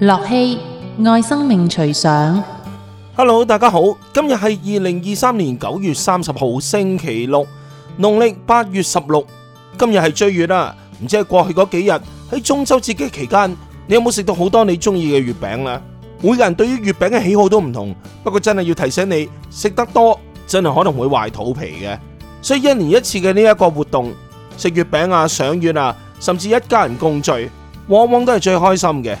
駱曦愛生命隨想，Hello，大家好，今日係二零二三年九月三十號，星期六，農曆八月十六。今日係追月啦，唔知係過去嗰幾日喺中秋節嘅期間，你有冇食到好多你中意嘅月餅咧？每個人對於月餅嘅喜好都唔同，不過真係要提醒你，食得多真係可能會壞肚皮嘅。所以一年一次嘅呢一個活動，食月餅啊、賞月啊，甚至一家人共聚，往往都係最開心嘅。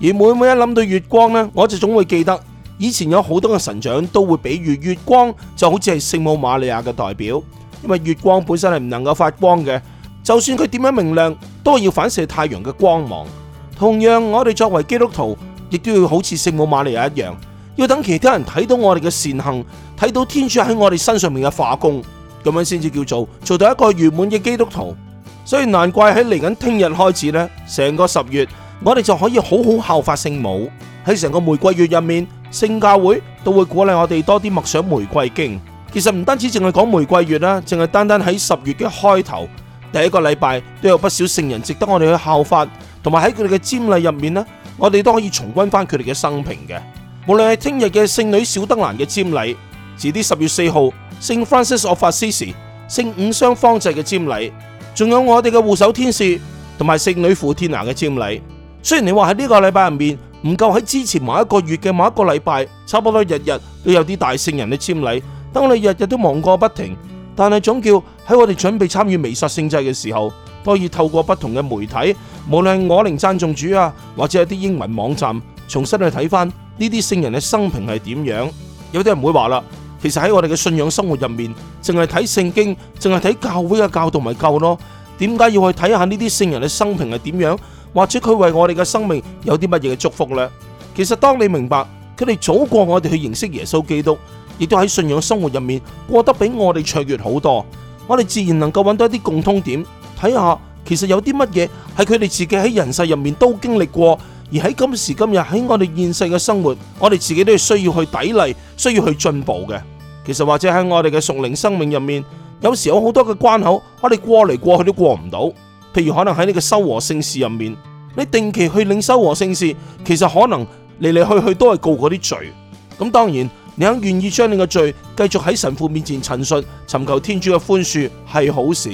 而每每一諗到月光呢，我就總會記得以前有好多嘅神長都會比喻月光，就好似係聖母瑪利亞嘅代表，因為月光本身係唔能夠發光嘅，就算佢點樣明亮，都係要反射太陽嘅光芒。同樣，我哋作為基督徒，亦都要好似聖母瑪利亞一樣，要等其他人睇到我哋嘅善行，睇到天主喺我哋身上面嘅化工，咁樣先至叫做做到一個圓滿嘅基督徒。所以難怪喺嚟緊聽日開始呢，成個十月。我哋就可以好好效法聖母。喺成個玫瑰月入面，聖教會都會鼓勵我哋多啲默想玫瑰經。其實唔單止淨係講玫瑰月啦，淨係單單喺十月嘅開頭第一個禮拜都有不少聖人值得我哋去效法，同埋喺佢哋嘅瞻禮入面呢，我哋都可以重溫返佢哋嘅生平嘅。無論係聽日嘅聖女小德蘭嘅瞻禮，遲啲十月四號聖 Francis of Assisi 聖五雙方濟嘅瞻禮，仲有我哋嘅護手天使同埋聖女傅天娜嘅瞻禮。雖然你話喺呢個禮拜入面唔夠喺之前某一個月嘅某一個禮拜，差不多日日都有啲大聖人嘅瞻禮，當你日日都忙過不停，但係總叫喺我哋準備參與彌撒聖祭嘅時候，都可以透過不同嘅媒體，無論係我靈讚頌主啊，或者一啲英文網站，重新去睇翻呢啲聖人嘅生平係點樣。有啲人會話啦，其實喺我哋嘅信仰生活入面，淨係睇聖經，淨係睇教會嘅教導咪夠咯。點解要去睇下呢啲聖人嘅生平係點樣？或者佢為我哋嘅生命有啲乜嘢嘅祝福呢？其實當你明白佢哋早過我哋去認識耶穌基督，亦都喺信仰生活入面過得比我哋卓越好多，我哋自然能夠揾到一啲共通點，睇下其實有啲乜嘢係佢哋自己喺人世入面都經歷過，而喺今時今日喺我哋現世嘅生活，我哋自己都係需要去砥礪，需要去進步嘅。其實或者喺我哋嘅屬靈生命入面，有時有好多嘅關口，我哋過嚟過去都過唔到。譬如可能喺呢個修和聖事入面，你定期去領修和聖事，其實可能嚟嚟去去都係告嗰啲罪。咁當然你肯願意將你嘅罪繼續喺神父面前陳述，尋求天主嘅寬恕係好事。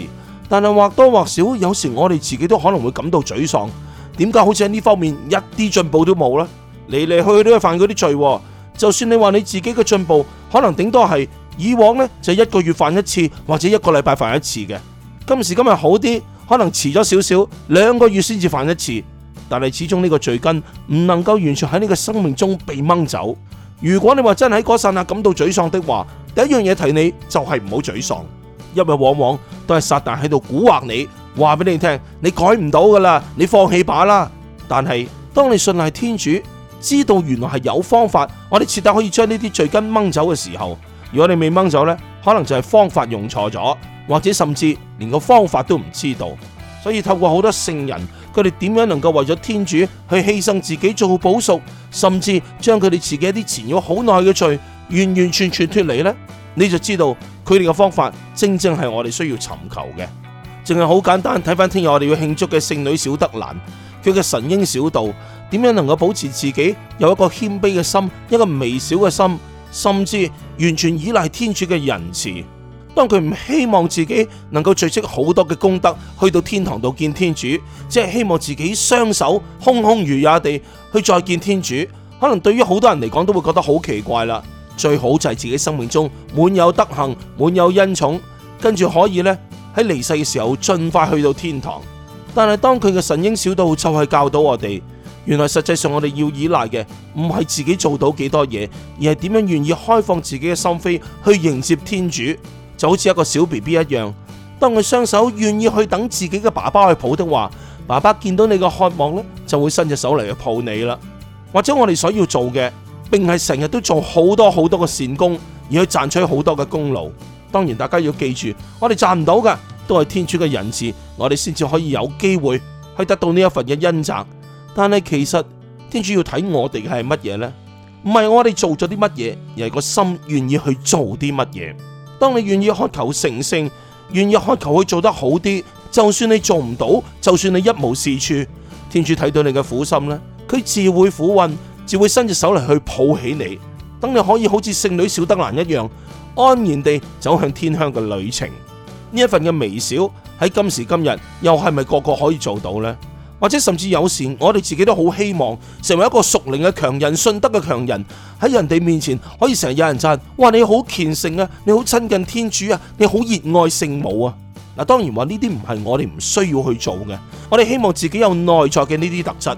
但係或多或少，有時我哋自己都可能會感到沮喪。點解好似喺呢方面一啲進步都冇呢？嚟嚟去去都係犯嗰啲罪。就算你話你自己嘅進步，可能頂多係以往呢，就一個月犯一次或者一個禮拜犯一次嘅，今時今日好啲。可能遲咗少少，兩個月先至犯一次，但係始終呢個罪根唔能夠完全喺呢個生命中被掹走。如果你話真係嗰剎那感到沮喪的話，第一樣嘢提你就係唔好沮喪，因為往往都係撒旦喺度蠱惑你，話俾你聽你改唔到噶啦，你放棄吧啦。但係當你信賴天主，知道原來係有方法，我哋徹底可以將呢啲罪根掹走嘅時候，如果你未掹走呢，可能就係方法用錯咗。或者甚至連個方法都唔知道，所以透過好多聖人，佢哋點樣能夠為咗天主去犧牲自己做好補贖，甚至將佢哋自己一啲纏咗好耐嘅罪，完完全全脫離呢？你就知道佢哋嘅方法正正係我哋需要尋求嘅。淨係好簡單，睇返聽日我哋要慶祝嘅聖女小德蘭，佢嘅神嬰小道點樣能夠保持自己有一個謙卑嘅心，一個微小嘅心，甚至完全依賴天主嘅仁慈。當佢唔希望自己能夠聚積好多嘅功德去到天堂度見天主，即係希望自己雙手空空如也地去再見天主，可能對於好多人嚟講都會覺得好奇怪啦。最好就係自己生命中滿有德行，滿有恩寵，跟住可以呢喺離世嘅時候盡快去到天堂。但係當佢嘅神嬰小道就係教導我哋，原來實際上我哋要依賴嘅唔係自己做到幾多嘢，而係點樣願意開放自己嘅心扉去迎接天主。就好似一個小 B B 一樣，當佢雙手願意去等自己嘅爸爸去抱的話，爸爸見到你嘅渴望咧，就會伸隻手嚟去抱你啦。或者我哋所要做嘅，並係成日都做好多好多嘅善功，而去賺取好多嘅功勞。當然，大家要記住，我哋賺唔到嘅都係天主嘅仁慈，我哋先至可以有機會去得到呢一份嘅恩澤。但係其實天主要睇我哋嘅係乜嘢呢？唔係我哋做咗啲乜嘢，而係個心願意去做啲乜嘢。當你願意渴求成聖，願意渴求去做得好啲，就算你做唔到，就算你一無是處，天主睇到你嘅苦心咧，佢自會撫慰，自會伸隻手嚟去抱起你，等你可以好似聖女小德蘭一樣，安然地走向天鄉嘅旅程。呢一份嘅微笑，喺今時今日，又係咪個個可以做到呢？或者甚至有時，我哋自己都好希望成為一個屬靈嘅強人、信德嘅強人，喺人哋面前可以成日有人讚，哇！你好虔誠啊，你好親近天主啊，你好熱愛聖母啊。嗱，當然話呢啲唔係我哋唔需要去做嘅，我哋希望自己有內在嘅呢啲特質。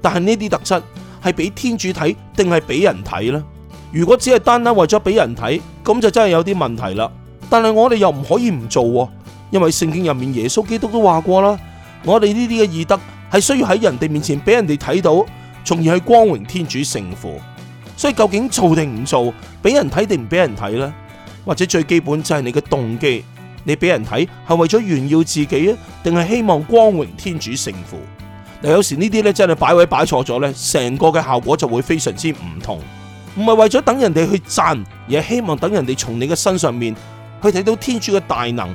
但係呢啲特質係俾天主睇定係俾人睇呢？如果只係單單為咗俾人睇，咁就真係有啲問題啦。但係我哋又唔可以唔做，啊，因為聖經入面耶穌基督都話過啦，我哋呢啲嘅義德。係需要喺人哋面前俾人哋睇到，從而去光榮天主聖父。所以究竟做定唔做，俾人睇定唔俾人睇呢？或者最基本就係你嘅動機，你俾人睇係為咗炫耀自己啊，定係希望光榮天主聖父？嗱，有時呢啲呢，真係擺位擺錯咗呢，成個嘅效果就會非常之唔同。唔係為咗等人哋去讚，而係希望等人哋從你嘅身上面去睇到天主嘅大能，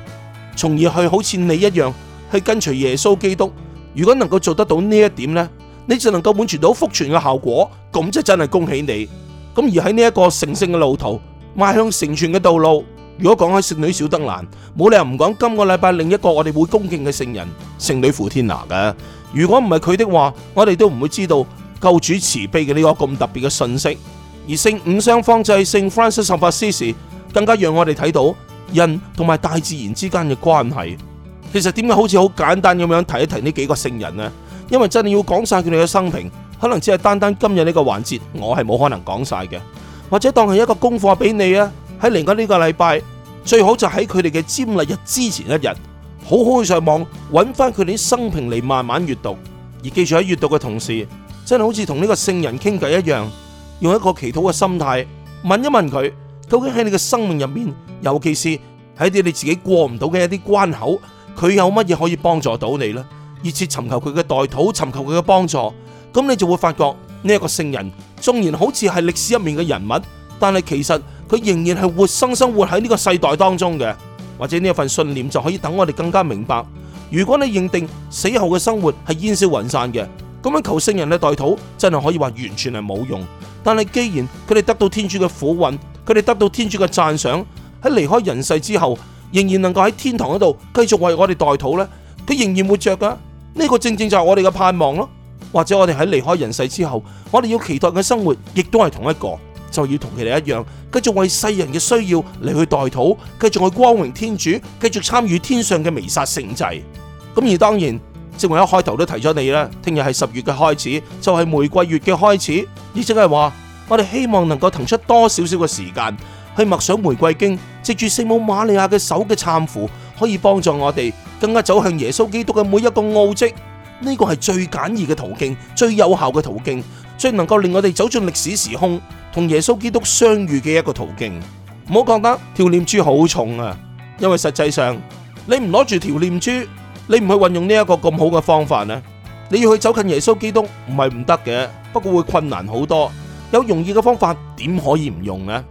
從而去好似你一樣去跟隨耶穌基督。如果能夠做得到呢一點呢，你就能夠保存到福傳嘅效果，咁就真係恭喜你。咁而喺呢一個成聖嘅路途，邁向成全嘅道路，如果講開聖女小德蘭，冇理由唔講今個禮拜另一個我哋會恭敬嘅聖人聖女傅天娜嘅。如果唔係佢的話，我哋都唔會知道救主慈悲嘅呢個咁特別嘅信息。而聖五雙方濟聖 Francis 十法師時，更加讓我哋睇到人同埋大自然之間嘅關係。其實點解好似好簡單咁樣提一提呢幾個聖人咧？因為真係要講晒佢哋嘅生平，可能只係單單今日呢個環節，我係冇可能講晒嘅。或者當係一個功課俾你啊，喺嚟緊呢個禮拜，最好就喺佢哋嘅瞻禮日之前一日，好好去上網揾翻佢哋啲生平嚟慢慢閱讀。而記住喺閱讀嘅同時，真係好似同呢個聖人傾偈一樣，用一個祈禱嘅心態問一問佢，究竟喺你嘅生命入面，尤其是喺啲你自己過唔到嘅一啲關口。佢有乜嘢可以幫助到你呢？熱切尋求佢嘅代禱，尋求佢嘅幫助，咁你就會發覺呢一個聖人，縱然好似係歷史入面嘅人物，但係其實佢仍然係活生生活喺呢個世代當中嘅。或者呢一份信念就可以等我哋更加明白，如果你認定死後嘅生活係煙消雲散嘅，咁樣求聖人嘅代禱真係可以話完全係冇用。但係既然佢哋得到天主嘅俯允，佢哋得到天主嘅讚賞，喺離開人世之後。仍然能夠喺天堂嗰度繼續為我哋代禱呢？佢仍然活着噶。呢、這個正正就係我哋嘅盼望咯。或者我哋喺離開人世之後，我哋要期待嘅生活，亦都係同一個，就要同佢哋一樣，繼續為世人嘅需要嚟去代禱，繼續去光榮天主，繼續參與天上嘅彌撒聖祭。咁而當然，正如一開頭都提咗你啦，聽日係十月嘅開始，就係、是、玫瑰月嘅開始，亦即係話我哋希望能夠騰出多少少嘅時間。去默想玫瑰經，藉住聖母瑪利亞嘅手嘅攙扶，可以幫助我哋更加走向耶穌基督嘅每一個奧迹。呢個係最簡易嘅途徑，最有效嘅途徑，最能夠令我哋走進歷史時空，同耶穌基督相遇嘅一個途徑。唔好覺得條念珠好重啊，因為實際上你唔攞住條念珠，你唔去運用呢一個咁好嘅方法呢，你要去走近耶穌基督，唔係唔得嘅，不過會困難好多。有容易嘅方法，點可以唔用呢？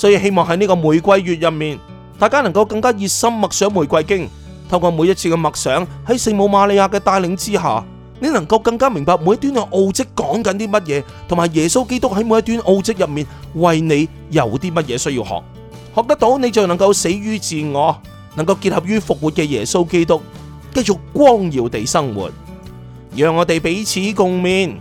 所以希望喺呢個玫瑰月入面，大家能夠更加熱心默想玫瑰經，透過每一次嘅默想，喺聖母瑪利亞嘅帶領之下，你能夠更加明白每一段嘅奧跡講緊啲乜嘢，同埋耶穌基督喺每一段奧跡入面為你有啲乜嘢需要學，學得到你就能夠死於自我，能夠結合於復活嘅耶穌基督，繼續光耀地生活，讓我哋彼此共勉。